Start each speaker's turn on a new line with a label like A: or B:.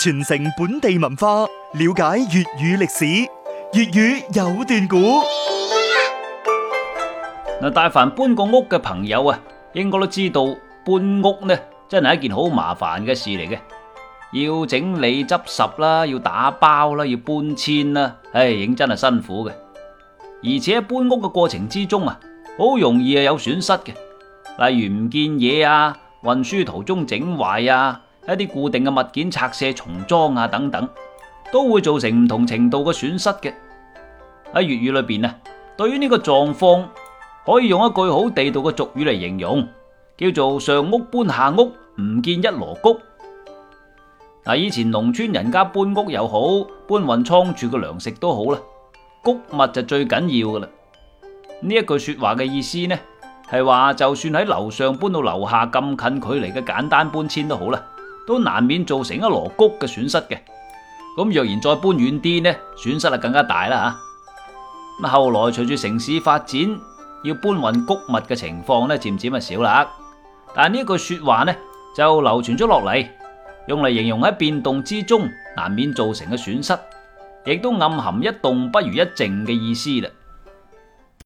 A: 傳承本地文化，了解粵語歷史，粵語有段古。嗱，但凡搬過屋嘅朋友啊，應該都知道搬屋呢，真係一件好麻煩嘅事嚟嘅。要整理執拾啦，要打包啦，要搬遷啦，唉，認真係辛苦嘅。而且搬屋嘅過程之中啊，好容易啊有損失嘅，例如唔見嘢啊，運輸途中整壞啊。一啲固定嘅物件拆卸、重裝啊等等，都會造成唔同程度嘅損失嘅。喺粵語裏邊啊，對於呢個狀況可以用一句好地道嘅俗語嚟形容，叫做上屋搬下屋，唔見一籮谷。嗱，以前農村人家搬屋又好，搬運倉儲嘅糧食都好啦，谷物就最緊要嘅啦。呢一句説話嘅意思呢，係話就算喺樓上搬到樓下咁近距離嘅簡單搬遷都好啦。都難免造成一籮谷嘅損失嘅，咁若然再搬遠啲呢，損失啊更加大啦嚇。咁後來隨住城市發展，要搬運谷物嘅情況呢，漸漸啊少啦，但係呢句説話呢，就流傳咗落嚟，用嚟形容喺變動之中難免造成嘅損失，亦都暗含一動不如一靜嘅意思啦。